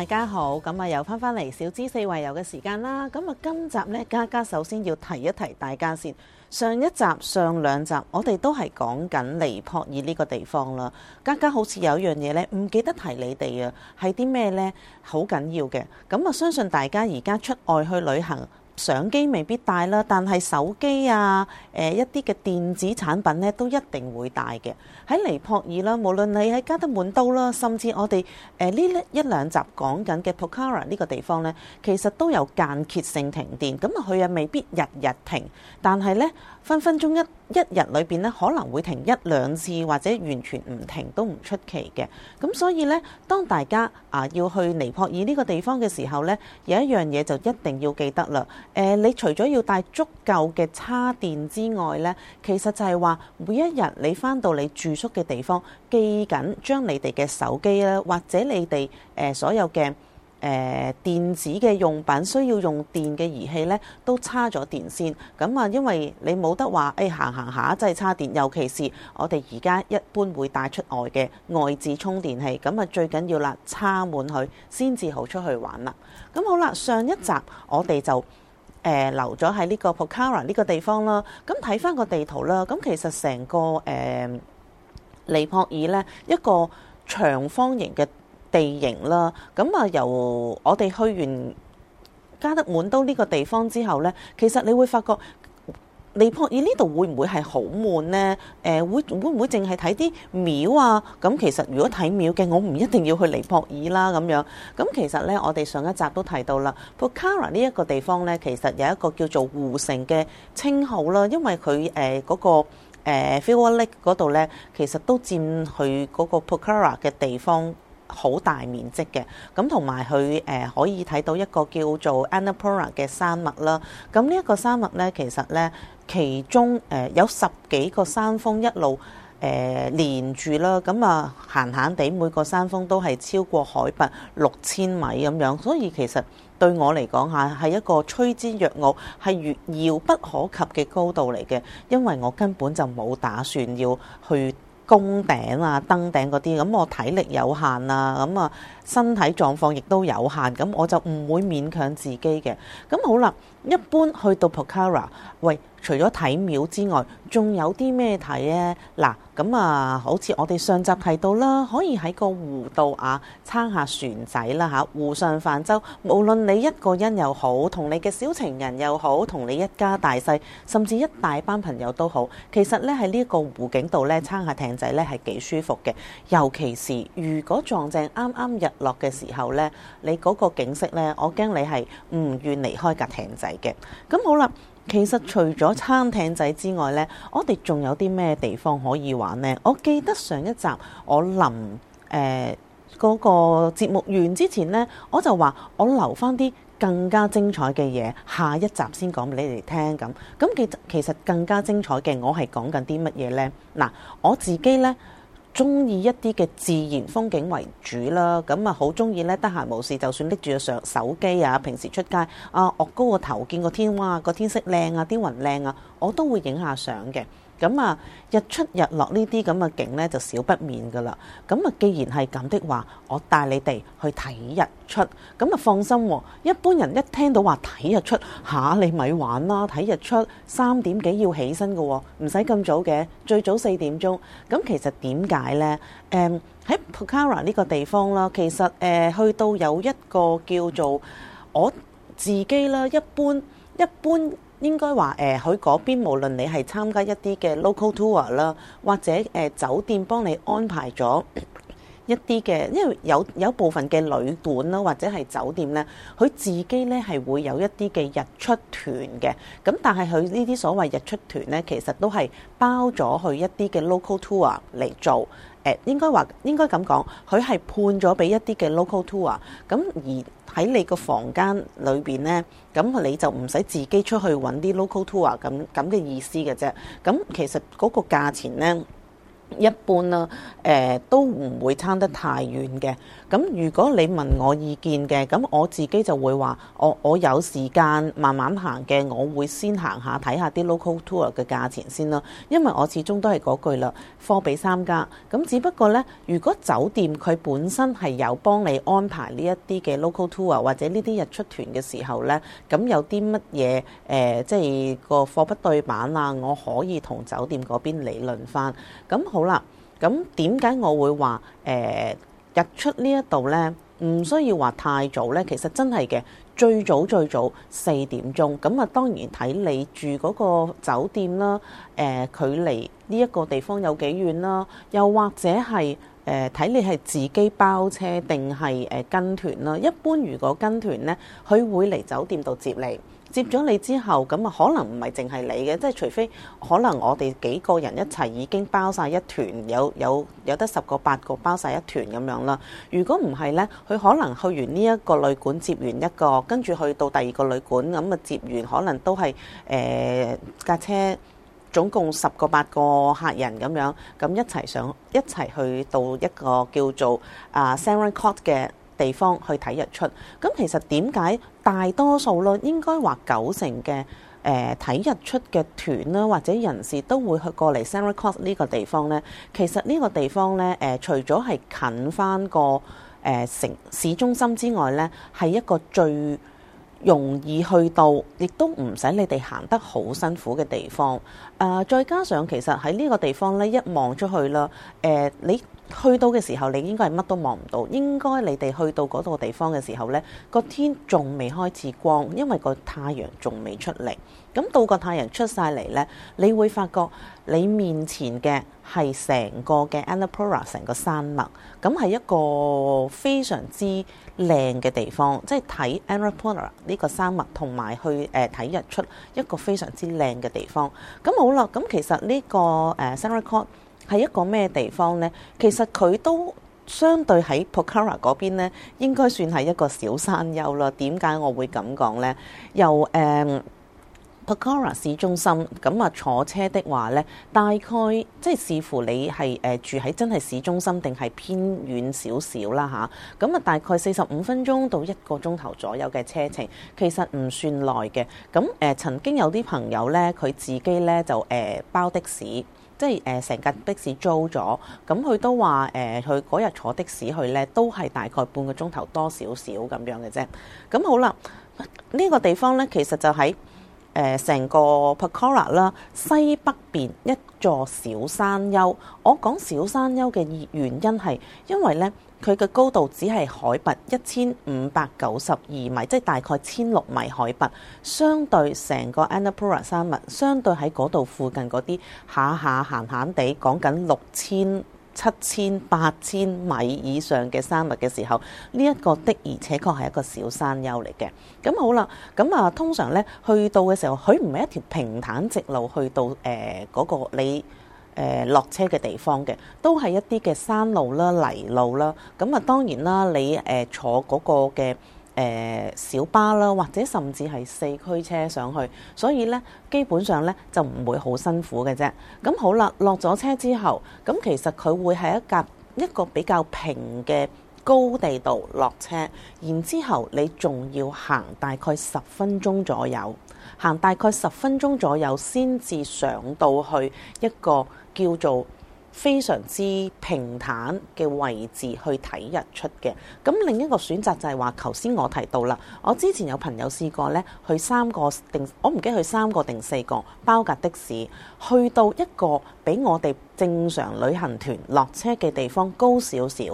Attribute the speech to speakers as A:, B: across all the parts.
A: 大家好，咁啊又翻返嚟小資四圍遊嘅時間啦。咁啊，今集呢，家家首先要提一提大家先。上一集，上兩集，我哋都係講緊尼泊爾呢個地方啦。家家好似有一樣嘢呢，唔記得提你哋啊，係啲咩呢？好緊要嘅。咁啊，相信大家而家出外去旅行。相機未必帶啦，但係手機啊，誒、呃、一啲嘅電子產品呢都一定會帶嘅。喺尼泊爾啦，無論你喺加德滿都啦，甚至我哋誒呢一兩集講緊嘅 Pokhara 呢個地方呢，其實都有間歇性停電。咁、嗯、啊，佢啊未必日日停，但係呢分分鐘一一日裏邊呢可能會停一兩次，或者完全唔停都唔出奇嘅。咁、嗯、所以呢，當大家啊要去尼泊爾呢個地方嘅時候呢，有一樣嘢就一定要記得啦。誒、呃，你除咗要帶足夠嘅叉電之外呢，其實就係話每一日你翻到你住宿嘅地方，記緊將你哋嘅手機啦，或者你哋誒、呃、所有嘅誒、呃、電子嘅用品需要用電嘅儀器呢都叉咗電先。咁、嗯、啊，因為你冇得話誒行行下即係叉電，尤其是我哋而家一般會帶出外嘅外置充電器。咁、嗯、啊，最緊要啦，叉滿佢先至好出去玩啦。咁、嗯、好啦，上一集我哋就。誒、呃、留咗喺呢個 Pokhara 呢個地方啦，咁睇翻個地圖啦，咁其實成個尼泊爾呢，一個長方形嘅地形啦，咁、呃、啊由我哋去完加德滿都呢個地方之後呢，其實你會發覺。尼泊爾呢度會唔會係好悶呢？誒會會唔會淨係睇啲廟啊？咁其實如果睇廟嘅，我唔一定要去尼泊爾啦咁樣。咁其實呢，我哋上一集都提到啦，Pokhara 呢一個地方呢，其實有一個叫做湖城嘅稱號啦，因為佢誒嗰個誒 Phewa Lake 嗰度呢，其實都佔佢嗰個 Pokhara 嘅地方。好大面積嘅，咁同埋佢誒可以睇到一個叫做 Annapurna 嘅山脈啦。咁呢一個山脈咧，其實咧其中誒有十幾個山峰一路誒連住啦。咁啊，閒閒地每個山峰都係超過海拔六千米咁樣，所以其實對我嚟講吓係一個趨之若鶩係越遙不可及嘅高度嚟嘅，因為我根本就冇打算要去。攻頂啊，登頂嗰啲，咁我體力有限啊，咁啊。身體狀況亦都有限，咁我就唔會勉強自己嘅。咁好啦，一般去到 Pokhara，喂，除咗睇廟之外，仲有啲咩睇呢？嗱，咁啊，好似我哋上集提到啦，可以喺個湖度啊撐下船仔啦，吓湖上泛舟。無論你一個人又好，同你嘅小情人又好，同你一家大細，甚至一大班朋友都好，其實呢喺呢個湖景度呢撐下艇仔呢係幾舒服嘅。尤其是如果撞正啱啱日落嘅時候呢，你嗰個景色呢，我驚你係唔願離開架艇仔嘅。咁好啦，其實除咗餐廳仔之外呢，我哋仲有啲咩地方可以玩呢？我記得上一集我臨誒嗰、呃嗰個節目完之前呢，我就話我留翻啲更加精彩嘅嘢，下一集先講俾你哋聽咁。咁其其實更加精彩嘅，我係講緊啲乜嘢呢？嗱，我自己呢。中意一啲嘅自然風景為主啦，咁啊好中意咧，得閒無事就算拎住個相手機啊，平時出街啊，岳高個頭見個天，哇，個天色靚啊，啲雲靚啊，我都會影下相嘅。咁啊，日出日落呢啲咁嘅景呢，就少不免噶啦。咁啊，既然係咁的話，我帶你哋去睇日出。咁啊，放心，一般人一聽到話睇日出，嚇，你咪玩啦！睇日出三點幾要起身嘅，唔使咁早嘅，最早四點鐘。咁其實點解呢？誒，喺普卡拉呢個地方啦，其實誒，去到有一個叫做我自己啦，一般一般。應該話誒佢嗰邊，無論你係參加一啲嘅 local tour 啦，或者誒、呃、酒店幫你安排咗一啲嘅，因為有有部分嘅旅館啦，或者係酒店呢，佢自己呢係會有一啲嘅日出團嘅。咁但係佢呢啲所謂日出團呢，其實都係包咗去一啲嘅 local tour 嚟做。誒應該話應該咁講，佢係判咗俾一啲嘅 local tour，咁而喺你個房間裏邊呢，咁你就唔使自己出去揾啲 local tour 咁咁嘅意思嘅啫。咁其實嗰個價錢呢。一般啦，誒、呃、都唔會差得太遠嘅。咁如果你問我意見嘅，咁我自己就會話：我我有時間慢慢行嘅，我會先行下睇下啲 local tour 嘅價錢先啦。因為我始終都係嗰句啦，貨比三家。咁只不過呢，如果酒店佢本身係有幫你安排呢一啲嘅 local tour 或者呢啲日出團嘅時候呢，咁有啲乜嘢誒，即係個貨不對版啊，我可以同酒店嗰邊理論翻。咁好。好啦，咁點解我會話誒、呃、日出呢一度呢？唔需要話太早呢，其實真係嘅，最早最早四點鐘，咁啊當然睇你住嗰個酒店啦，誒、呃、距離呢一個地方有幾遠啦，又或者係。誒睇你係自己包車定係誒跟團啦。一般如果跟團呢，佢會嚟酒店度接你。接咗你之後，咁啊可能唔係淨係你嘅，即係除非可能我哋幾個人一齊已經包晒一團，有有有得十個八個包晒一團咁樣啦。如果唔係呢，佢可能去完呢一個旅館接完一個，跟住去到第二個旅館咁啊接完，可能都係誒架車。總共十個八個客人咁樣，咁一齊上一齊去到一個叫做啊 Sarangkot 嘅地方去睇日出。咁其實點解大多數咯，應該話九成嘅誒睇日出嘅團啦，或者人士都會去過嚟 Sarangkot 呢個地方呢？其實呢個地方呢，誒、呃、除咗係近返個誒城、呃、市中心之外呢，係一個最容易去到，亦都唔使你哋行得好辛苦嘅地方。誒、呃，再加上其實喺呢個地方咧，一望出去啦，誒、呃，你。去到嘅時候，你應該係乜都望唔到。應該你哋去到嗰度地方嘅時候，呢個天仲未開始光，因為個太陽仲未出嚟。咁到個太陽出晒嚟呢，你會發覺你面前嘅係成個嘅 Annapurna 成個山脈，咁係一個非常之靚嘅地方。即係睇 Annapurna 呢個山脈同埋去誒睇日出，一個非常之靚嘅地方。咁好啦，咁其實呢個誒 Sarikot 係一個咩地方呢？其實佢都相對喺 Pokhara 嗰邊呢，應該算係一個小山丘啦。點解我會咁講呢？由誒 Pokhara 市中心咁啊，坐車的話呢，大概即係視乎你係誒住喺真係市中心定係偏遠少少啦吓咁啊，大概四十五分鐘到一個鐘頭左右嘅車程，其實唔算耐嘅。咁誒、呃，曾經有啲朋友呢，佢自己呢就誒、呃、包的士。即係誒成架的士租咗，咁佢都話誒，佢嗰日坐的士去呢都係大概半個鐘頭多少少咁樣嘅啫。咁好啦，呢、這個地方呢其實就喺、是、成、呃、個 Pokhara 啦，西北邊一座小山丘。我講小山丘嘅原因係因為呢。佢嘅高度只係海拔一千五百九十二米，即係大概千六米海拔，相對成個 Annapurna 山脈，相對喺嗰度附近嗰啲下下閒閒地，講緊六千、七千、八千米以上嘅山脈嘅時候，呢、這、一個的而且確係一個小山丘嚟嘅。咁好啦，咁啊通常呢去到嘅時候，佢唔係一條平坦直路去到誒嗰、呃嗰個你。誒落車嘅地方嘅，都係一啲嘅山路啦、泥路啦。咁啊，當然啦，你誒、呃、坐嗰個嘅誒、呃、小巴啦，或者甚至係四驅車上去，所以呢，基本上呢，就唔會好辛苦嘅啫。咁好啦，落咗車之後，咁其實佢會係一架一個比較平嘅高地度落車，然之後你仲要行大概十分鐘左右，行大概十分鐘左右先至上到去一個叫做非常之平坦嘅位置去睇日出嘅。咁另一個選擇就係話，頭先我提到啦，我之前有朋友試過咧，去三個定我唔記得去三個定四個包架的士，去到一個比我哋正常旅行團落車嘅地方高少少。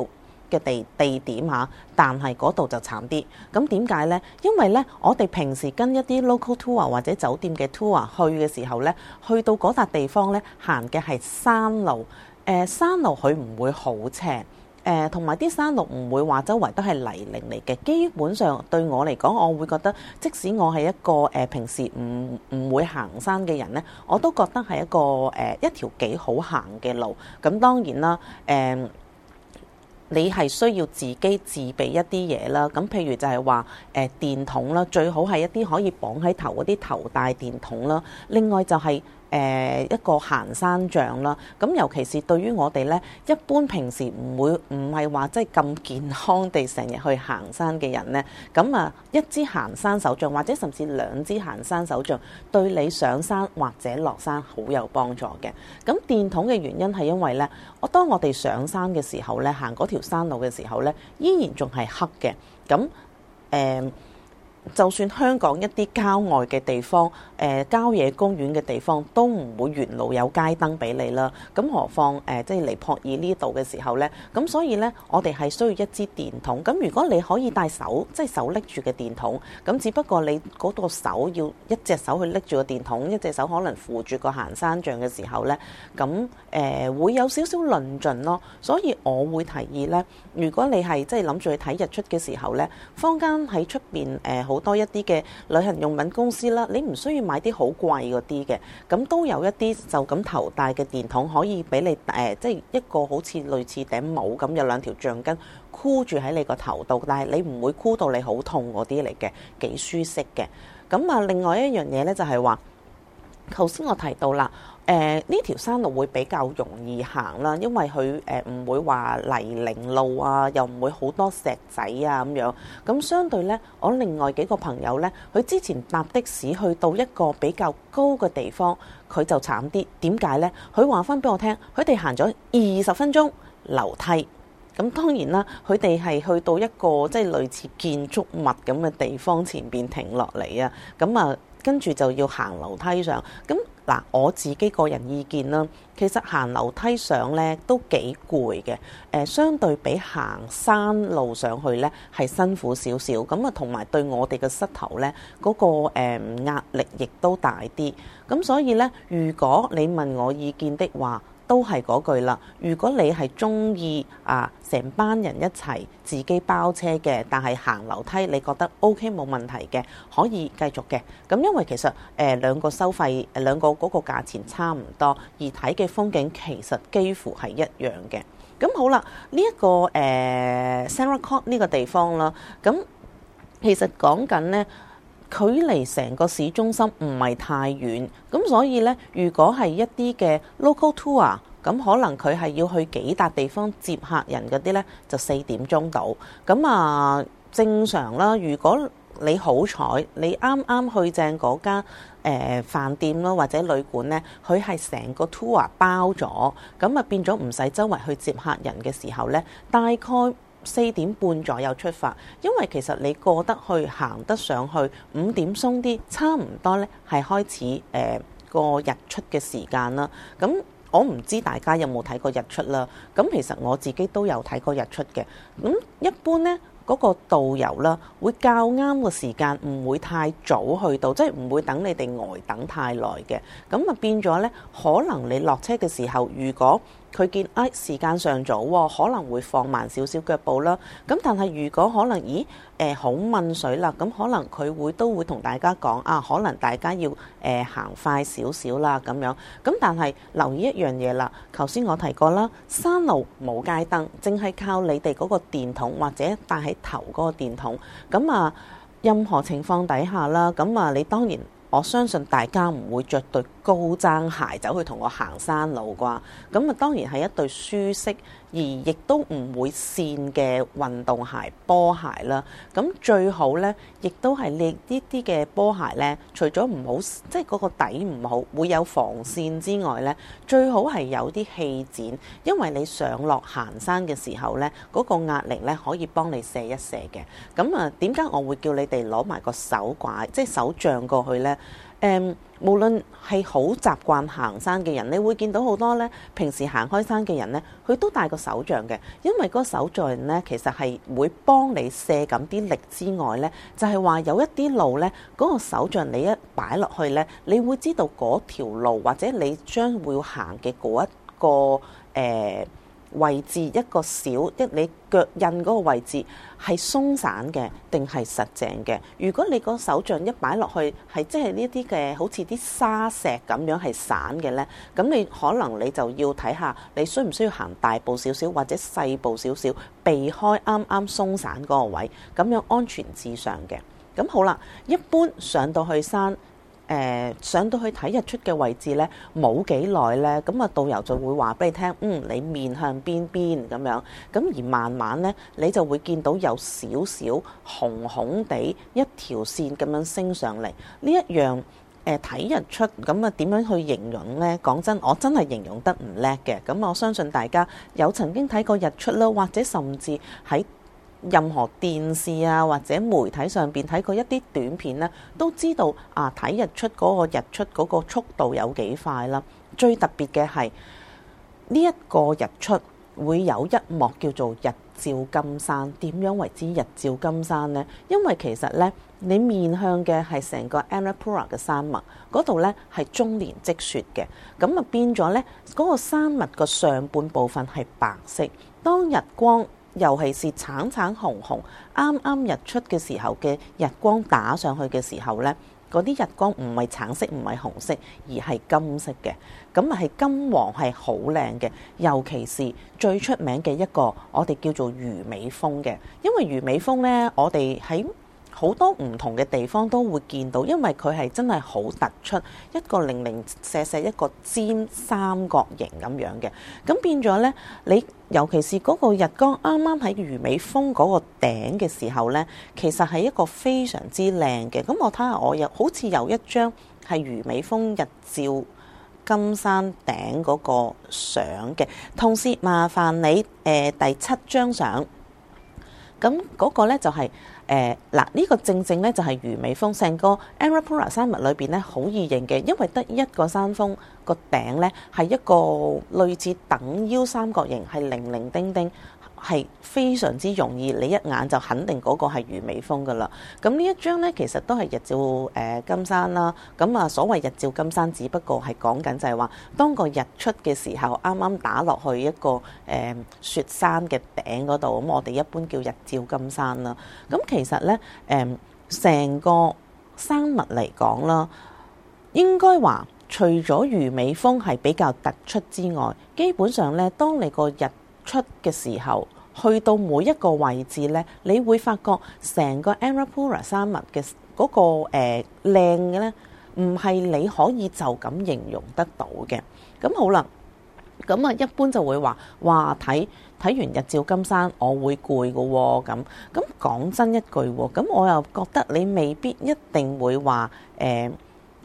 A: 嘅地地點吓，但係嗰度就慘啲。咁點解呢？因為呢，我哋平時跟一啲 local tour 或者酒店嘅 tour 去嘅時候呢，去到嗰笪地方呢，行嘅係山路。誒、呃，山路佢唔會好斜。誒、呃，同埋啲山路唔會話周圍都係泥濘嚟嘅。基本上對我嚟講，我會覺得，即使我係一個誒、呃、平時唔唔會行山嘅人呢，我都覺得係一個誒、呃、一條幾好行嘅路。咁當然啦，誒、呃。你係需要自己自備一啲嘢啦，咁譬如就係話，誒、呃、電筒啦，最好係一啲可以綁喺頭嗰啲頭戴電筒啦，另外就係、是。誒一個行山杖啦，咁尤其是對於我哋呢，一般平時唔會唔係話即係咁健康地成日去行山嘅人呢。咁啊一支行山手杖或者甚至兩支行山手杖對你上山或者落山好有幫助嘅。咁電筒嘅原因係因為呢，我當我哋上山嘅時候呢，行嗰條山路嘅時候呢，依然仲係黑嘅，咁誒。嗯就算香港一啲郊外嘅地方，誒、呃、郊野公園嘅地方都唔會沿路有街燈俾你啦。咁何況誒，即係嚟尼泊爾呢度嘅時候咧，咁所以咧，我哋係需要一支電筒。咁如果你可以帶手，即係手拎住嘅電筒，咁只不過你嗰個手要一隻手去拎住個電筒，一隻手可能扶住個行山杖嘅時候咧，咁誒、呃、會有少少論盡咯。所以我會提議咧，如果你係即係諗住去睇日出嘅時候咧，坊間喺出邊。誒、呃、好。好多一啲嘅旅行用品公司啦，你唔需要買啲好貴嗰啲嘅，咁都有一啲就咁頭戴嘅電筒可以俾你誒，即係一個好似類似頂帽咁，有兩條橡筋箍住喺你個頭度，但係你唔會箍到你好痛嗰啲嚟嘅，幾舒適嘅。咁啊，另外一樣嘢咧就係話，頭先我提到啦。誒呢條山路會比較容易行啦，因為佢誒唔會話泥濘路啊，又唔會好多石仔啊咁樣。咁相對呢，我另外幾個朋友呢，佢之前搭的士去到一個比較高嘅地方，佢就慘啲。點解呢？佢話翻俾我聽，佢哋行咗二十分鐘樓梯。咁、嗯、當然啦，佢哋係去到一個即係類似建築物咁嘅地方前邊停落嚟、嗯、啊。咁啊～跟住就要行樓梯上，咁，嗱，我自己個人意見啦，其實行樓梯上咧都幾攰嘅，誒相對比行山路上去咧係辛苦少少，咁啊同埋對我哋嘅膝頭咧嗰個誒壓力亦都大啲，咁所以咧如果你問我意見的話。都係嗰句啦。如果你係鍾意啊，成班人一齊自己包車嘅，但係行樓梯，你覺得 OK 冇問題嘅，可以繼續嘅。咁因為其實誒、呃、兩個收費、呃、兩個嗰個價錢差唔多，而睇嘅風景其實幾乎係一樣嘅。咁好啦，呢、這、一個誒、呃、Sarangkot 呢個地方啦，咁其實講緊呢。距離成個市中心唔係太遠，咁所以呢，如果係一啲嘅 local tour，咁可能佢係要去幾笪地方接客人嗰啲呢，就四點鐘到。咁啊，正常啦。如果你好彩，你啱啱去正嗰間誒飯店咯，或者旅館呢，佢係成個 tour 包咗，咁啊變咗唔使周圍去接客人嘅時候呢，大概。四點半左右出發，因為其實你過得去行得上去，五點鬆啲，差唔多呢係開始誒個、呃、日出嘅時間啦。咁、嗯、我唔知大家有冇睇過日出啦。咁、嗯、其實我自己都有睇過日出嘅。咁、嗯、一般呢，嗰、嗰個導遊啦，會較啱個時間，唔會太早去到，即係唔會等你哋呆等太耐嘅。咁、嗯、啊變咗呢，可能你落車嘅時候，如果佢見哎時間尚早喎、哦，可能會放慢少少腳步啦。咁但係如果可能，咦誒好濛水啦，咁可能佢會都會同大家講啊，可能大家要誒、呃、行快少少啦咁樣。咁但係留意一樣嘢啦，頭先我提過啦，山路冇街燈，淨係靠你哋嗰個電筒或者戴喺頭嗰個電筒。咁啊，任何情況底下啦，咁啊，你當然我相信大家唔會着對高踭鞋走去同我行山路啩，咁啊，當然係一對舒適而亦都唔會跣嘅運動鞋波鞋啦。咁最好呢，亦都係劣啲啲嘅波鞋呢，除咗唔好，即係嗰個底唔好會有防跣之外呢，最好係有啲氣墊，因為你上落行山嘅時候呢，嗰個壓力呢，可以幫你卸一卸嘅。咁啊，點解我會叫你哋攞埋個手拐，即係手杖過去呢？誒，um, 無論係好習慣行山嘅人，你會見到好多咧，平時行開山嘅人咧，佢都帶個手杖嘅，因為個手杖咧，其實係會幫你卸緊啲力之外咧，就係話有一啲路咧，嗰個手杖你一擺落去咧，你會知道嗰條路或者你將會行嘅嗰一個誒。呃位置一個小一你腳印嗰個位置係鬆散嘅定係實淨嘅。如果你個手杖一擺落去係即係呢啲嘅，好似啲沙石咁樣係散嘅呢，咁你可能你就要睇下你需唔需要行大步少少或者細步少少，避開啱啱鬆散嗰個位，咁樣安全至上嘅。咁好啦，一般上到去山。誒、呃、上到去睇日出嘅位置呢，冇幾耐呢，咁啊導遊就會話俾你聽，嗯，你面向邊邊咁樣，咁而慢慢呢，你就會見到有少少紅紅地一條線咁樣升上嚟。呢一樣睇、呃、日出咁啊點樣去形容呢？講真，我真係形容得唔叻嘅。咁我相信大家有曾經睇過日出啦，或者甚至喺任何電視啊或者媒體上邊睇過一啲短片咧、啊，都知道啊睇日出嗰、那個日出嗰個速度有幾快啦。最特別嘅係呢一個日出會有一幕叫做日照金山。點樣為之日照金山呢？因為其實呢，你面向嘅係成個 Annapurna 嘅山脈嗰度呢，係終年積雪嘅，咁啊變咗呢，嗰、那個山脈嘅上半部分係白色，當日光，尤其是橙橙紅紅，啱啱日出嘅時候嘅日光打上去嘅時候呢，嗰啲日光唔係橙色，唔係紅色，而係金色嘅，咁啊係金黃係好靚嘅，尤其是最出名嘅一個我哋叫做魚尾峯嘅，因為魚尾峯呢，我哋喺好多唔同嘅地方都會見到，因為佢係真係好突出一個零零舍舍一個尖三角形咁樣嘅。咁變咗呢，你尤其是嗰個日光啱啱喺魚尾峰嗰個頂嘅時候呢，其實係一個非常之靚嘅。咁我睇下，我有好似有一張係魚尾峰日照金山頂嗰個相嘅。同時麻煩你誒、呃、第七張相，咁嗰個呢就係、是。誒嗱，呢、呃這個正正咧就係魚尾峰，成個 Annapurna 山脈裏邊咧好易認嘅，因為得一個山峰個頂咧係一個類似等腰三角形，係零零丁丁，係非常之容易，你一眼就肯定嗰個係魚尾峯噶啦。咁呢一張呢，其實都係日照誒、呃、金山啦。咁啊，所謂日照金山，只不過係講緊就係話，當個日出嘅時候，啱啱打落去一個誒、呃、雪山嘅頂嗰度，咁我哋一般叫日照金山啦。咁其實呢，誒、呃、成個山脈嚟講啦，應該話除咗魚尾峯係比較突出之外，基本上呢，當你個日出嘅時候，去到每一個位置呢，你會發覺成個 Annapurna 山脈嘅嗰、那個誒靚嘅呢，唔係你可以就咁形容得到嘅。咁好啦，咁啊一般就會話哇，睇睇完日照金山，我會攰嘅喎。咁咁講真一句喎，咁我又覺得你未必一定會話誒。呃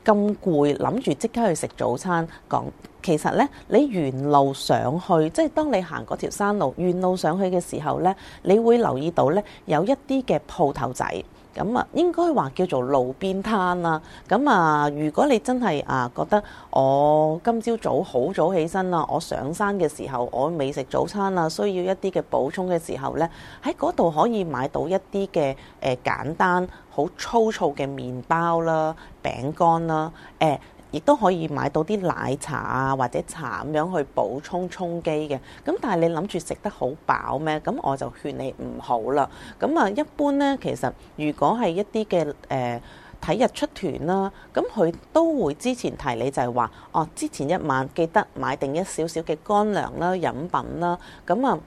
A: 咁攰，諗住即刻去食早餐。講其實呢，你沿路上去，即係當你行嗰條山路，沿路上去嘅時候呢，你會留意到呢有一啲嘅鋪頭仔。咁啊，應該話叫做路邊攤啦。咁啊，如果你真係啊覺得我今朝早好早起身啊，我上山嘅時候，我未食早餐啊，需要一啲嘅補充嘅時候呢，喺嗰度可以買到一啲嘅誒簡單好粗糙嘅麵包啦、餅乾啦，誒、欸。亦都可以買到啲奶茶啊，或者茶咁樣去補充充飢嘅。咁但係你諗住食得好飽咩？咁我就勸你唔好啦。咁啊，一般呢，其實如果係一啲嘅誒睇日出團啦、啊，咁佢都會之前提你就係話，哦，之前一晚記得買定一少少嘅乾糧啦、啊、飲品啦。咁啊，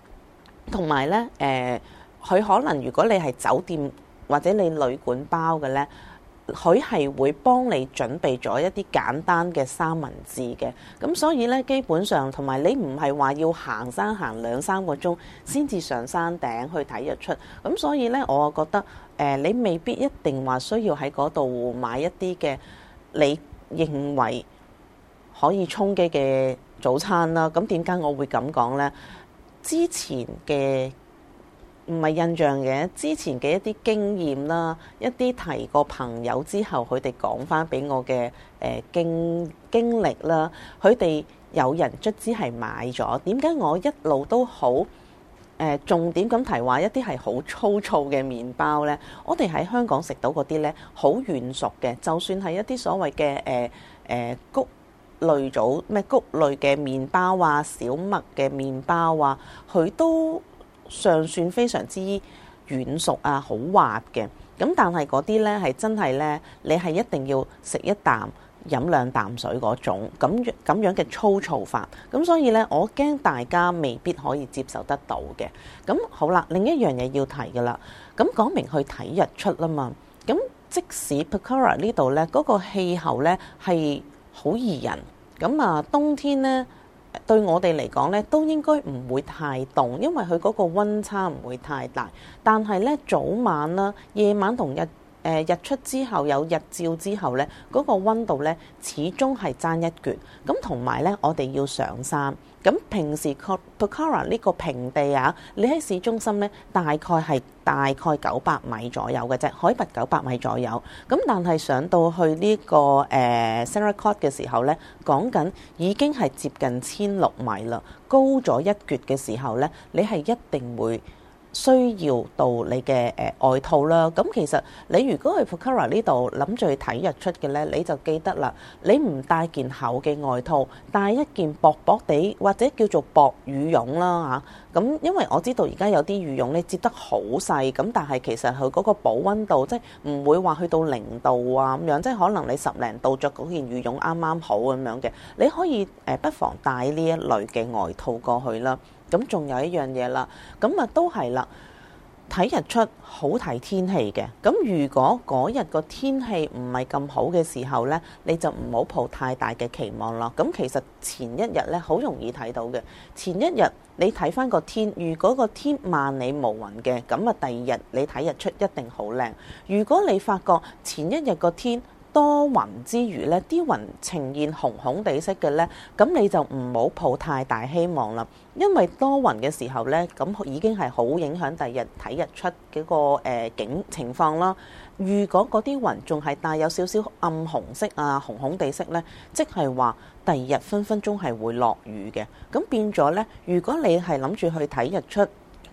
A: 同埋、啊、呢，誒、呃，佢可能如果你係酒店或者你旅館包嘅呢。佢係會幫你準備咗一啲簡單嘅三文治嘅，咁所以呢，基本上同埋你唔係話要行山行兩三個鐘先至上山頂去睇日出，咁所以呢，我覺得誒、呃、你未必一定話需要喺嗰度買一啲嘅你認為可以充飢嘅早餐啦。咁點解我會咁講呢？之前嘅。唔係印象嘅，之前嘅一啲經驗啦，一啲提過朋友之後，佢哋講翻俾我嘅誒、呃、經經歷啦，佢哋有人卒之係買咗，點解我一路都好誒、呃、重點咁提話一啲係好粗糙嘅麵包呢？我哋喺香港食到嗰啲呢，好軟熟嘅，就算係一啲所謂嘅誒誒谷類組咩谷類嘅麵包啊，小麥嘅麵包啊，佢都。尚算非常之軟熟啊，好滑嘅。咁但係嗰啲呢，係真係呢，你係一定要食一啖，飲兩啖水嗰種。咁咁樣嘅粗糙法。咁所以呢，我驚大家未必可以接受得到嘅。咁好啦，另一樣嘢要提嘅啦。咁講明去睇日出啦嘛。咁即使 Pokhara 呢度呢，嗰個氣候呢係好宜人。咁啊，冬天呢。對我哋嚟講咧，都應該唔會太凍，因為佢嗰個温差唔會太大。但係咧，早晚啦，夜晚同日。誒，日出之後，有日照之後呢，嗰個温度呢，始終係爭一橛。咁同埋呢，我哋要上山。咁平時確 Pokhara 呢個平地啊，你喺市中心呢，大概係大概九百米左右嘅啫，海拔九百米左右。咁但係上到去呢個誒 Sarangkot 嘅時候呢，講緊已經係接近千六米啦，高咗一橛嘅時候呢，你係一定會。需要到你嘅誒外套啦，咁其實你如果去 Pokhara 呢度諗住去睇日出嘅呢，你就記得啦，你唔帶件厚嘅外套，帶一件薄薄地或者叫做薄羽絨啦嚇。咁、啊、因為我知道而家有啲羽絨咧摺得好細，咁但係其實佢嗰個保溫度即係唔會話去到零度啊咁樣，即係可能你十零度着嗰件羽絨啱啱好咁樣嘅，你可以誒不妨帶呢一類嘅外套過去啦。咁仲有一樣嘢啦，咁啊都係啦，睇日出好睇天氣嘅。咁如果嗰日個天氣唔係咁好嘅時候呢，你就唔好抱太大嘅期望啦。咁其實前一日呢，好容易睇到嘅，前一日你睇翻個天，如果個天萬里無雲嘅，咁啊第二日你睇日出一定好靚。如果你發覺前一日個天多雲之餘，呢啲雲呈現紅紅地色嘅呢，咁你就唔好抱太大希望啦，因為多雲嘅時候呢，咁已經係好影響第日睇日出嗰個、呃、景情況啦。如果嗰啲雲仲係帶有少少暗紅色啊，紅紅地色呢，即係話第二日分分鐘係會落雨嘅。咁變咗呢，如果你係諗住去睇日出，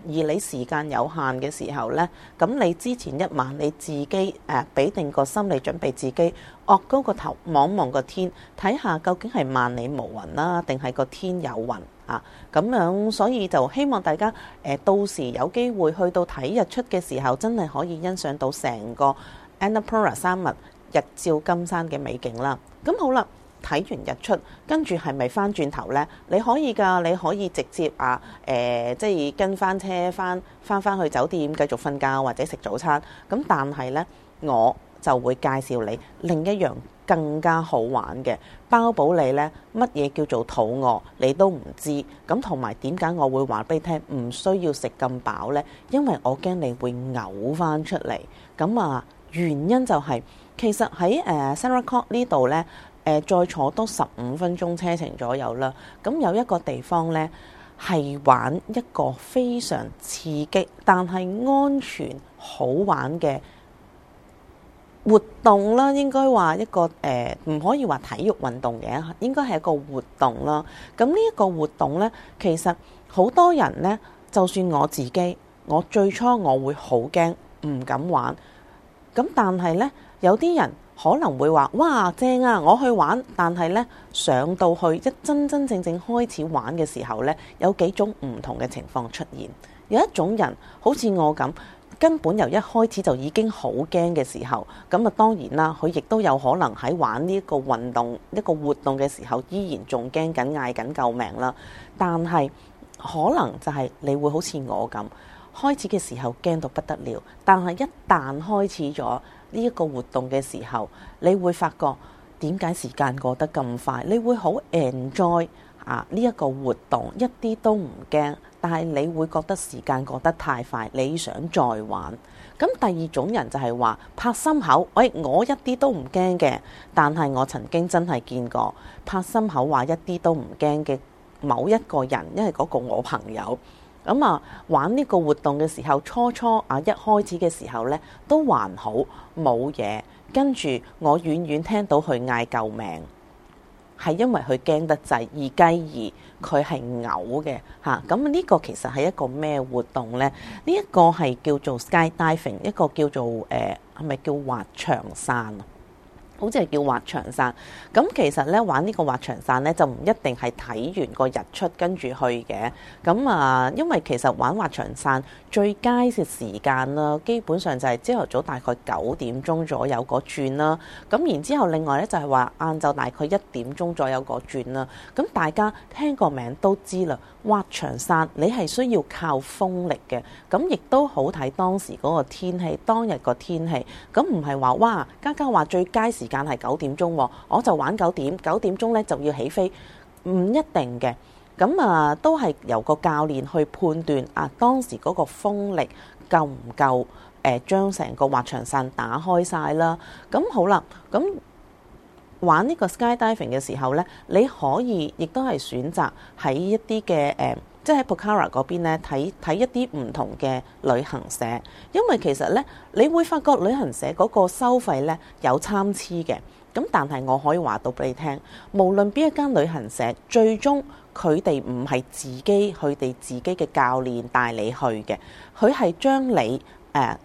A: 而你時間有限嘅時候呢，咁你之前一晚你自己誒俾、啊、定個心理準備，自己惡高個頭望望個天，睇下究竟係萬里無雲啦、啊，定係個天有雲啊咁、啊、樣。所以就希望大家誒、啊、到時有機會去到睇日出嘅時候，真係可以欣賞到成個 Annapurna 山脈日照金山嘅美景啦。咁、啊、好啦。睇完日出，跟住係咪翻轉頭咧？你可以噶，你可以直接啊，誒、呃，即係跟翻車翻翻翻去酒店繼續瞓覺或者食早餐。咁但係咧，我就會介紹你另一樣更加好玩嘅包保，保你咧，乜嘢叫做肚餓，你都唔知。咁同埋點解我會話俾你聽，唔需要食咁飽咧？因為我驚你會嘔翻出嚟。咁、嗯、啊，原因就係、是、其實喺誒，Sarangkot 呢度咧。再坐多十五分鐘車程左右啦。咁有一個地方呢，係玩一個非常刺激，但係安全好玩嘅活動啦。應該話一個誒，唔可以話體育運動嘅，應該係一個活動啦。咁呢一個活動呢，其實好多人呢，就算我自己，我最初我會好驚，唔敢玩。咁但係呢，有啲人。可能會話哇，正啊，我去玩，但係呢，上到去一真真正正開始玩嘅時候呢，有幾種唔同嘅情況出現。有一種人好似我咁，根本由一開始就已經好驚嘅時候，咁啊當然啦，佢亦都有可能喺玩呢一個運動一個活動嘅時候，依然仲驚緊嗌緊救命啦。但係可能就係你會好似我咁，開始嘅時候驚到不得了，但係一旦開始咗。呢一個活動嘅時候，你會發覺點解時間過得咁快？你會好 enjoy 啊呢一個活動，一啲都唔驚。但係你會覺得時間過得太快，你想再玩。咁第二種人就係話拍心口，喂、哎、我一啲都唔驚嘅，但係我曾經真係見過拍心口話一啲都唔驚嘅某一個人，因為嗰個我朋友。咁啊，玩呢個活動嘅時候，初初啊，一開始嘅時候呢，都還好，冇嘢。跟住我遠遠聽到佢嗌救命，係因為佢驚得滯，而繼而佢係嘔嘅嚇。咁呢個其實係一個咩活動呢？呢一個係叫做 skydiving，一個叫做誒係咪叫滑翔傘？啊？好似係叫滑翔傘，咁其實呢，玩呢個滑翔傘呢，就唔一定係睇完個日出跟住去嘅，咁啊因為其實玩滑翔傘最佳嘅時間啦，基本上就係朝頭早大概九點鐘左右個轉啦，咁然之後另外呢，就係話晏晝大概一點鐘左右個轉啦，咁大家聽個名都知啦，滑翔傘你係需要靠風力嘅，咁亦都好睇當時嗰個天氣，當日個天氣，咁唔係話哇家家話最佳時時間係九點鐘，我就玩九點，九點鐘咧就要起飛，唔一定嘅。咁啊，都係由個教練去判斷啊，當時嗰個風力夠唔夠？誒、啊，將成個滑翔傘打開晒啦。咁好啦，咁玩呢個 skydiving 嘅時候咧，你可以亦都係選擇喺一啲嘅誒。啊即係喺 Pokhara 嗰邊咧，睇睇一啲唔同嘅旅行社，因為其實咧，你會發覺旅行社嗰個收費咧有參差嘅。咁但係我可以話到俾你聽，無論邊一間旅行社，最終佢哋唔係自己，佢哋自己嘅教練帶你去嘅，佢係將你誒。Uh,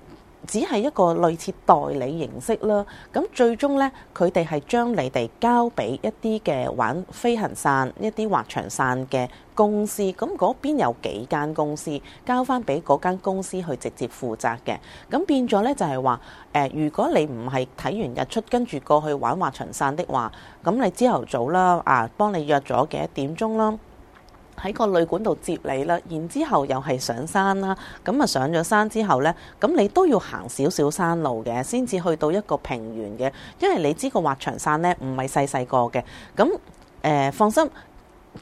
A: 只係一個類似代理形式啦。咁最終呢，佢哋係將你哋交俾一啲嘅玩飛行傘、一啲滑翔傘嘅公司。咁嗰邊有幾間公司交翻俾嗰間公司去直接負責嘅。咁變咗呢，就係話誒，如果你唔係睇完日出跟住過去玩滑翔傘的話，咁你朝頭早啦啊，幫你約咗幾多點鐘啦。喺個旅館度接你啦，然之後又係上山啦，咁啊上咗山之後呢，咁你都要行少少山路嘅，先至去到一個平原嘅。因為你知個滑翔傘呢，唔係細細個嘅，咁誒、呃、放心。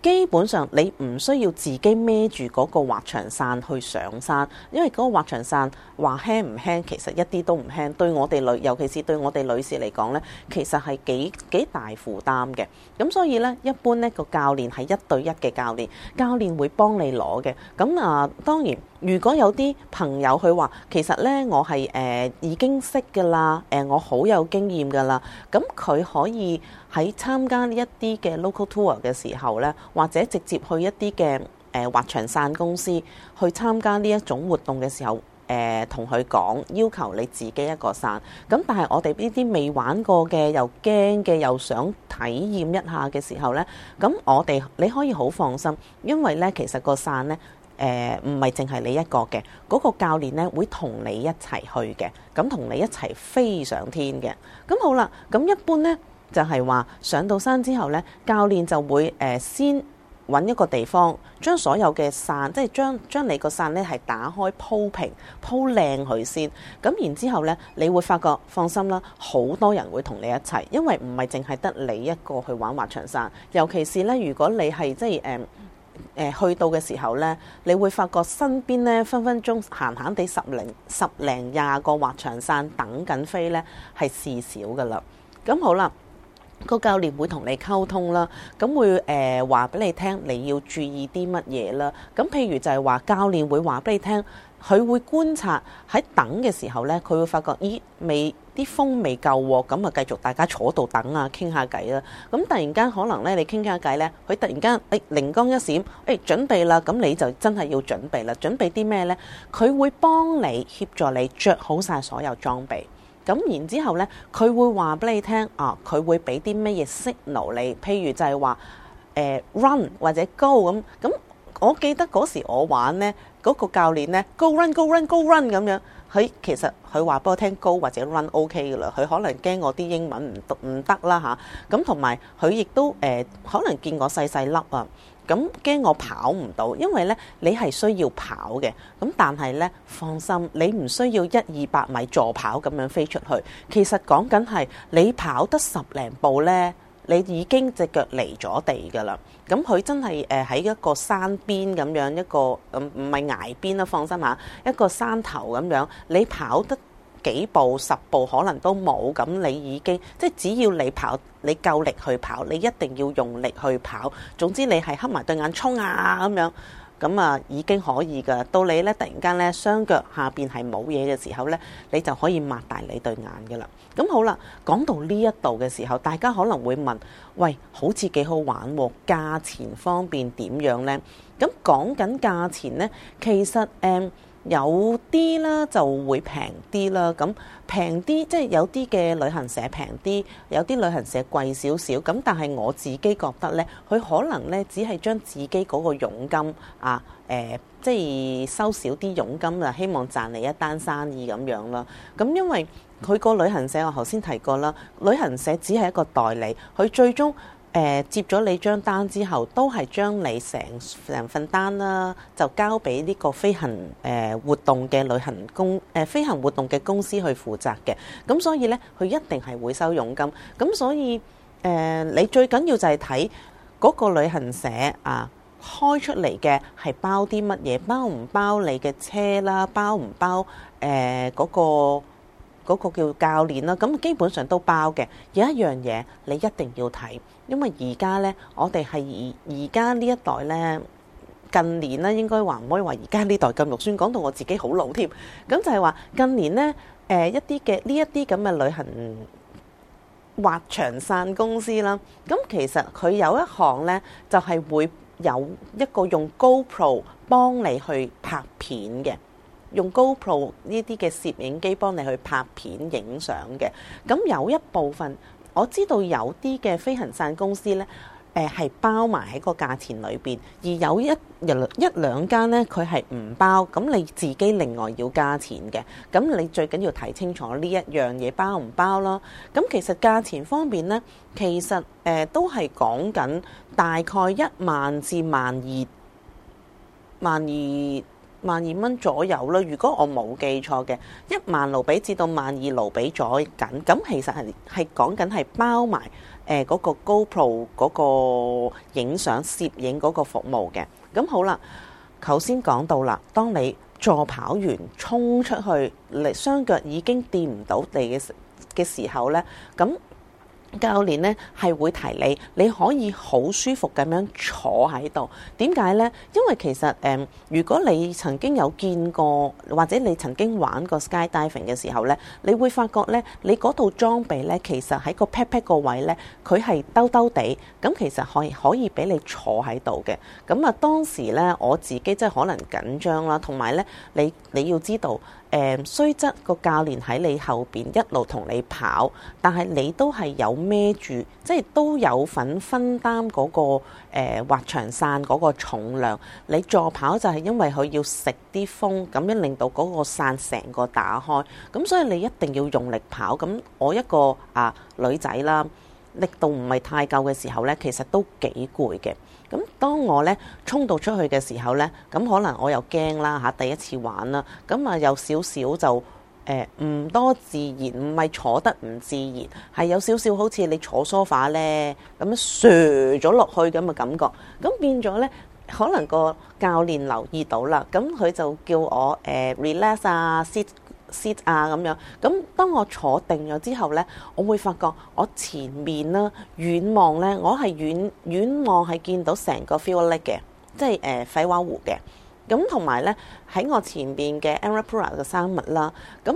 A: 基本上你唔需要自己孭住嗰個滑翔傘去上山，因為嗰個滑翔傘話輕唔輕，其實一啲都唔輕，對我哋女，尤其是對我哋女士嚟講咧，其實，係幾幾大負擔嘅。咁所以咧，一般呢個教練係一對一嘅教練，教練會幫你攞嘅。咁啊，當然。如果有啲朋友佢話，其實呢、呃呃，我係誒已經識嘅啦，誒我好有經驗嘅啦，咁佢可以喺參加一啲嘅 local tour 嘅時候呢，或者直接去一啲嘅誒滑翔傘公司去參加呢一種活動嘅時候，誒同佢講要求你自己一個傘。咁但係我哋呢啲未玩過嘅又驚嘅又想體驗一下嘅時候呢，咁我哋你可以好放心，因為呢其實個傘呢。誒唔係淨係你一個嘅，嗰個教練呢，會同你一齊去嘅，咁同你一齊飛上天嘅。咁好啦，咁一般呢，就係話上到山之後呢，教練就會誒先揾一個地方，將所有嘅傘即係將將你個傘呢，係打開鋪平鋪靚佢先。咁然之後呢，你會發覺放心啦，好多人會同你一齊，因為唔係淨係得你一個去玩滑翔傘，尤其是呢，如果你係即係誒。誒去到嘅時候呢，你會發覺身邊呢，分分鐘閒閒地十零十零廿個滑翔傘等緊飛呢，係事少噶啦。咁好啦，個教練會同你溝通啦，咁會誒話俾你聽，你要注意啲乜嘢啦？咁譬如就係話，教練會話俾你聽，佢會觀察喺等嘅時候呢，佢會發覺咦未？啲風未夠喎，咁啊繼續大家坐度等啊，傾下偈啦。咁突然間可能咧，你傾下偈咧，佢突然間誒靈光一閃，誒、哎、準備啦，咁你就真係要準備啦。準備啲咩咧？佢會幫你協助你着好晒所有裝備。咁然之後咧，佢會話俾你聽啊，佢會俾啲咩嘢 signal 你，譬如就係話誒 run 或者 go 咁。咁我記得嗰時我玩咧，嗰、那個教練咧，go run go run go run 咁樣。佢其實佢話俾我聽 go 或者 run OK 噶啦，佢可能驚我啲英文唔唔得啦嚇，咁同埋佢亦都誒可能見我細細粒啊，咁驚我跑唔到，因為呢，你係需要跑嘅，咁但係呢，放心，你唔需要一二百米助跑咁樣飛出去，其實講緊係你跑得十零步呢。你已經隻腳離咗地㗎啦，咁佢真係誒喺一個山邊咁樣一個唔唔係崖邊啦，放心下，一個山頭咁樣，你跑得幾步十步可能都冇，咁你已經即係只要你跑你夠力去跑，你一定要用力去跑，總之你係黑埋對眼衝啊咁樣。咁啊，已經可以噶。到你咧，突然間咧，雙腳下邊係冇嘢嘅時候咧，你就可以擘大你對眼嘅啦。咁好啦，講到呢一度嘅時候，大家可能會問：喂，好似幾好玩喎，價錢方面點樣呢？咁講緊價錢呢，其實誒。Um, 有啲啦就會平啲啦，咁平啲即係有啲嘅旅行社平啲，有啲旅行社貴少少。咁但係我自己覺得呢，佢可能呢，只係將自己嗰個佣金啊，誒，呃，即係收少啲佣金啊，希望賺你一單生意咁樣啦。咁因為佢個旅行社我頭先提過啦，旅行社只係一個代理，佢最終。誒接咗你張單之後，都係將你成成份單啦，就交俾呢個飛行誒、呃、活動嘅旅行公誒、呃、飛行活動嘅公司去負責嘅。咁所以呢，佢一定係會收佣金。咁所以誒、呃，你最緊要就係睇嗰個旅行社啊，開出嚟嘅係包啲乜嘢？包唔包你嘅車啦？包唔包誒嗰、呃那個？嗰個叫教練啦，咁基本上都包嘅。有一樣嘢你一定要睇，因為而家呢，我哋係而家呢一代呢，近年呢應該話唔可以話而家呢代咁肉酸。講到我自己好老添，咁就係話近年呢，誒、呃、一啲嘅呢一啲咁嘅旅行滑翔傘公司啦，咁其實佢有一項呢，就係、是、會有一個用 GoPro 幫你去拍片嘅。用 GoPro 呢啲嘅攝影機幫你去拍片、影相嘅。咁有一部分我知道有啲嘅飛行傘公司呢，誒係、呃、包埋喺個價錢裏邊，而有一一兩一兩間呢，佢係唔包，咁你自己另外要加錢嘅。咁你最緊要睇清楚呢一樣嘢包唔包啦。咁其實價錢方面呢，其實誒、呃、都係講緊大概一萬至萬二萬二。萬二蚊左右啦，如果我冇記錯嘅，一萬盧比至到萬二盧比咗緊，咁其實係係講緊係包埋誒嗰個 GoPro 嗰個影相攝影嗰個服務嘅。咁好啦，頭先講到啦，當你助跑完衝出去，你雙腳已經掂唔到地嘅嘅時候呢。咁。教練咧係會提你，你可以好舒服咁樣坐喺度。點解呢？因為其實誒、呃，如果你曾經有見過或者你曾經玩過 skydiving 嘅時候呢，你會發覺呢，你嗰套裝備呢，其實喺個 pet pet 個位呢，佢係兜兜地。咁其實可以可以俾你坐喺度嘅。咁、嗯、啊，當時呢，我自己真係可能緊張啦，同埋呢，你你要知道。誒，雖則個教練喺你後邊一路同你跑，但係你都係有孭住，即係都有份分擔嗰、那個、呃、滑翔傘嗰個重量。你助跑就係因為佢要食啲風，咁樣令到嗰個傘成個打開。咁所以你一定要用力跑。咁我一個啊、呃、女仔啦，力度唔係太夠嘅時候呢，其實都幾攰嘅。咁當我咧衝到出去嘅時候咧，咁可能我又驚啦嚇，第一次玩啦，咁啊有少少就誒、呃、唔多自然，唔係坐得唔自然，係有少少好似你坐梳化咧，咁樣瀡咗落去咁嘅感覺。咁變咗咧，可能個教練留意到啦，咁佢就叫我誒、呃、relax 啊 sit。啊咁樣，咁當我坐定咗之後呢，我會發覺我前面呢，遠望呢，我係遠遠望係見到成個 field、er、lake 嘅，即係誒廢話湖嘅。咁同埋呢，喺我前邊嘅 Annapurna 嘅山脈啦，咁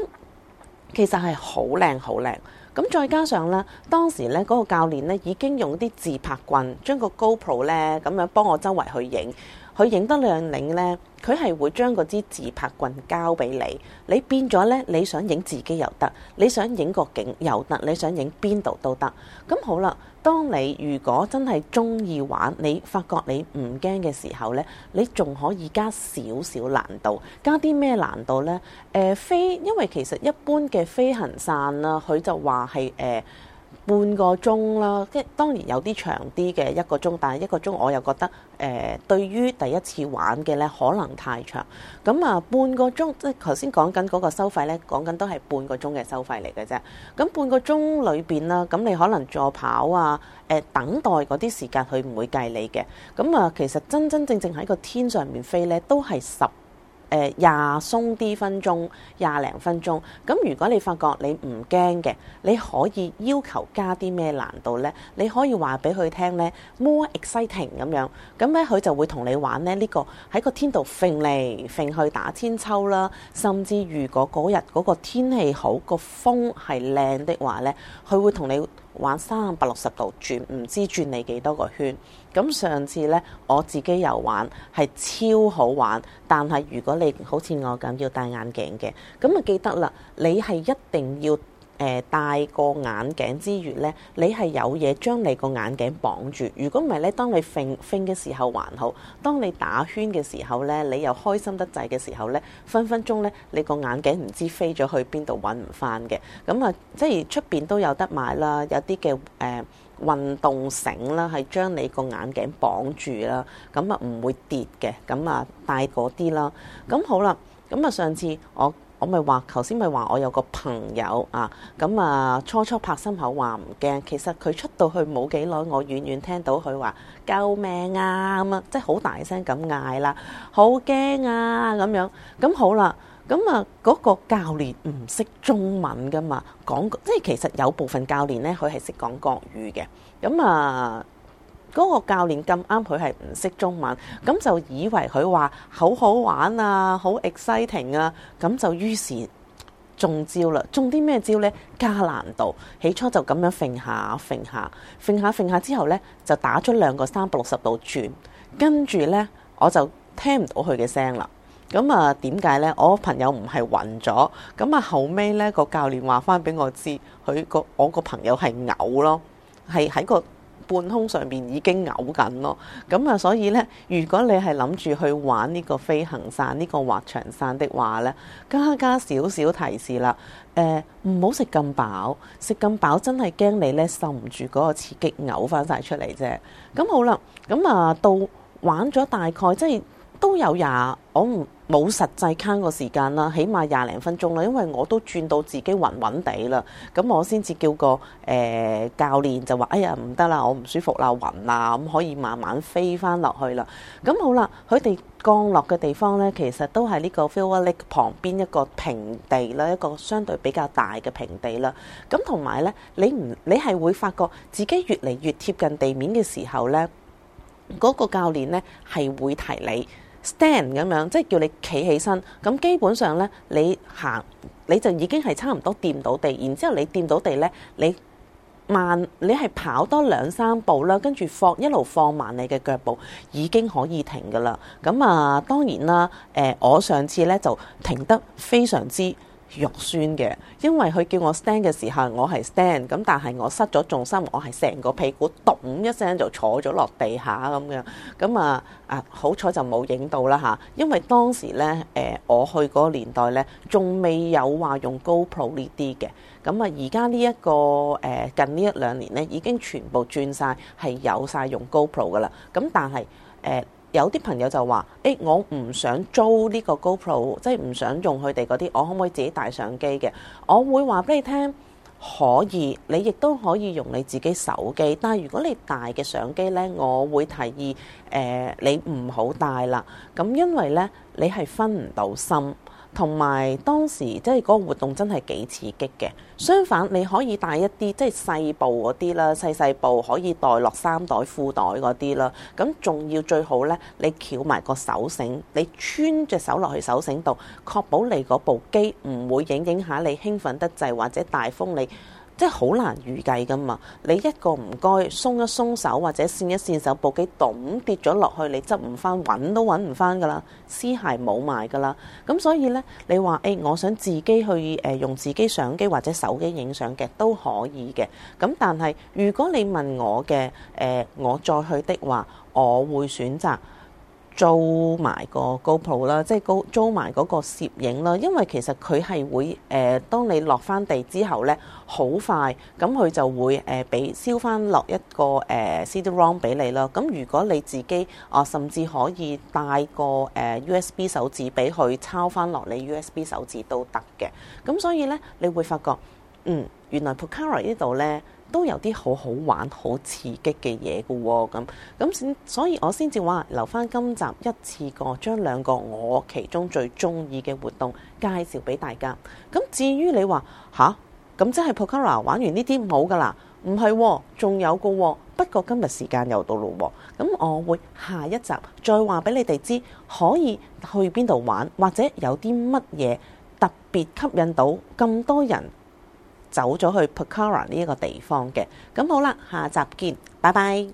A: 其實係好靚好靚。咁再加上呢，當時呢嗰、嗰個教練呢已經用啲自拍棍將個 GoPro 呢，咁樣幫我周圍去影。佢影得靚靚咧，佢係會將嗰支自拍棍交俾你，你變咗咧，你想影自己又得，你想影個景又得，你想影邊度都得。咁好啦，當你如果真係中意玩，你發覺你唔驚嘅時候咧，你仲可以加少少難度，加啲咩難度呢？誒、呃、飛，因為其實一般嘅飛行傘啦，佢就話係誒。呃半個鐘啦，即係當然有啲長啲嘅一個鐘，但係一個鐘我又覺得誒、呃，對於第一次玩嘅呢，可能太長。咁、嗯、啊、嗯，半個鐘即係頭先講緊嗰個收費呢，講緊都係半個鐘嘅收費嚟嘅啫。咁、嗯、半個鐘裏邊啦，咁、嗯、你可能助跑啊、誒、呃、等待嗰啲時間，佢唔會計你嘅。咁、嗯、啊、嗯，其實真真正正喺個天上面飛呢，都係十，廿鬆啲分鐘，廿零分鐘。咁如果你發覺你唔驚嘅，你可以要求加啲咩難度呢？你可以話俾佢聽呢：「More exciting」咁樣。咁咧佢就會同你玩呢。呢、這個喺個天度揈嚟揈去打千秋啦。甚至如果嗰日嗰個天氣好，個風係靚的話呢，佢會同你。玩三百六十度轉，唔知轉你幾多個圈。咁上次呢，我自己有玩，係超好玩。但係如果你好似我咁要戴眼鏡嘅，咁啊記得啦，你係一定要。誒、呃、戴個眼鏡之餘呢，你係有嘢將你個眼鏡綁住。如果唔係呢，當你揈嘅時候還好，當你打圈嘅時候呢，你又開心得滯嘅時候呢，分分鐘呢，你個眼鏡唔知飛咗去邊度揾唔翻嘅。咁啊，即係出邊都有得買啦，有啲嘅誒運動繩啦，係將你個眼鏡綁住啦，咁啊唔會跌嘅。咁啊戴嗰啲啦。咁好啦，咁啊上次我。我咪話頭先咪話我有個朋友啊，咁啊初初拍心口話唔驚，其實佢出到去冇幾耐，我遠遠聽到佢話救命啊咁啊，即係好大聲咁嗌啦，好驚啊咁樣，咁啊，好啦，咁啊嗰個教練唔識中文㗎嘛，講即係其實有部分教練咧，佢係識講國語嘅，咁啊。嗰個教練咁啱佢係唔識中文，咁就以為佢話好好玩啊，好 exciting 啊，咁就於是中招啦。中啲咩招呢？加難度，起初就咁樣揈下揈下揈下揈下揈下之後呢，就打出兩個三百六十度轉，跟住呢，我就聽唔到佢嘅聲啦。咁啊點解呢？我朋友唔係暈咗，咁啊後尾呢，個教練話翻俾我知，佢個我個朋友係嘔咯，係喺個半空上面已經嘔緊咯，咁啊，所以呢，如果你係諗住去玩呢個飛行傘、呢、呢個滑翔傘的話呢，加加少少提示啦，誒、呃，唔好食咁飽，食咁飽真係驚你呢受唔住嗰個刺激嘔翻晒出嚟啫。咁、嗯、好啦，咁、嗯、啊到玩咗大概即係都有廿，我唔。冇實際慳個時間啦，起碼廿零分鐘啦，因為我都轉到自己暈暈地啦，咁我先至叫個誒、呃、教練就話：哎呀，唔得啦，我唔舒服啦，暈啦，咁可以慢慢飛翻落去啦。咁好啦，佢哋降落嘅地方呢，其實都係呢個 Fewa Lake、er、旁邊一個平地啦，一個相對比較大嘅平地啦。咁同埋呢，你唔你係會發覺自己越嚟越貼近地面嘅時候呢，嗰、那個教練呢，係會提你。Stand 咁樣，即係叫你企起身，咁基本上呢，你行你就已經係差唔多掂到地，然之後你掂到地呢，你慢你係跑多兩三步啦，跟住放一路放慢你嘅腳步，已經可以停㗎喇。咁啊，當然啦，誒、呃、我上次呢就停得非常之肉酸嘅，因為佢叫我 stand 嘅時候，我係 stand，咁但係我失咗重心，我係成個屁股咚一聲就坐咗落地下咁樣，咁啊啊好彩就冇影到啦嚇、啊，因為當時咧誒、呃、我去嗰個年代咧，仲未有話用 GoPro、啊這個呃、呢啲嘅，咁啊而家呢一個誒近呢一兩年咧已經全部轉晒，係有晒用 GoPro 噶啦，咁、啊、但係誒。呃有啲朋友就話，誒、欸，我唔想租呢個 GoPro，即係唔想用佢哋嗰啲，我可唔可以自己帶相機嘅？我會話俾你聽，可以，你亦都可以用你自己手機。但係如果你大嘅相機呢，我會提議誒、呃，你唔好帶啦，咁因為呢，你係分唔到心。同埋當時即係嗰個活動真係幾刺激嘅。相反，你可以帶一啲即係細部嗰啲啦，細細部可以袋落衫袋褲袋嗰啲啦。咁仲要最好呢，你翹埋個手繩，你穿隻手落去手繩度，確保你嗰部機唔會影影下你興奮得滯，或者大風你。即係好難預計噶嘛，你一個唔該鬆一鬆手或者跣一跣手，部機噹跌咗落去，你執唔翻，揾都揾唔翻噶啦，絲鞋冇埋噶啦，咁所以呢，你話誒、哎，我想自己去誒、呃、用自己相機或者手機影相嘅都可以嘅，咁但係如果你問我嘅誒、呃，我再去的話，我會選擇。租埋個 GoPro 啦，即係租租埋嗰個攝影啦，因為其實佢係會誒、呃，當你落翻地之後呢，好快咁佢就會誒俾燒翻落一個誒 CD-ROM 俾你啦。咁如果你自己啊、呃，甚至可以帶個誒 USB 手指俾佢抄翻落你 USB 手指都得嘅。咁所以呢，你會發覺嗯，原來 Pokhara 呢度呢。都有啲好好玩、好刺激嘅嘢嘅喎，咁咁先，所以我先至話留翻今集一次過將兩個我其中最中意嘅活動介紹俾大家。咁至於你話吓，咁即係 Pokhara 玩完呢啲冇噶啦，唔係，仲有個喎，不過今日時間又到咯，咁我會下一集再話俾你哋知可以去邊度玩，或者有啲乜嘢特別吸引到咁多人。走咗去 Pokhara 呢一個地方嘅，咁好啦，下集見，拜拜。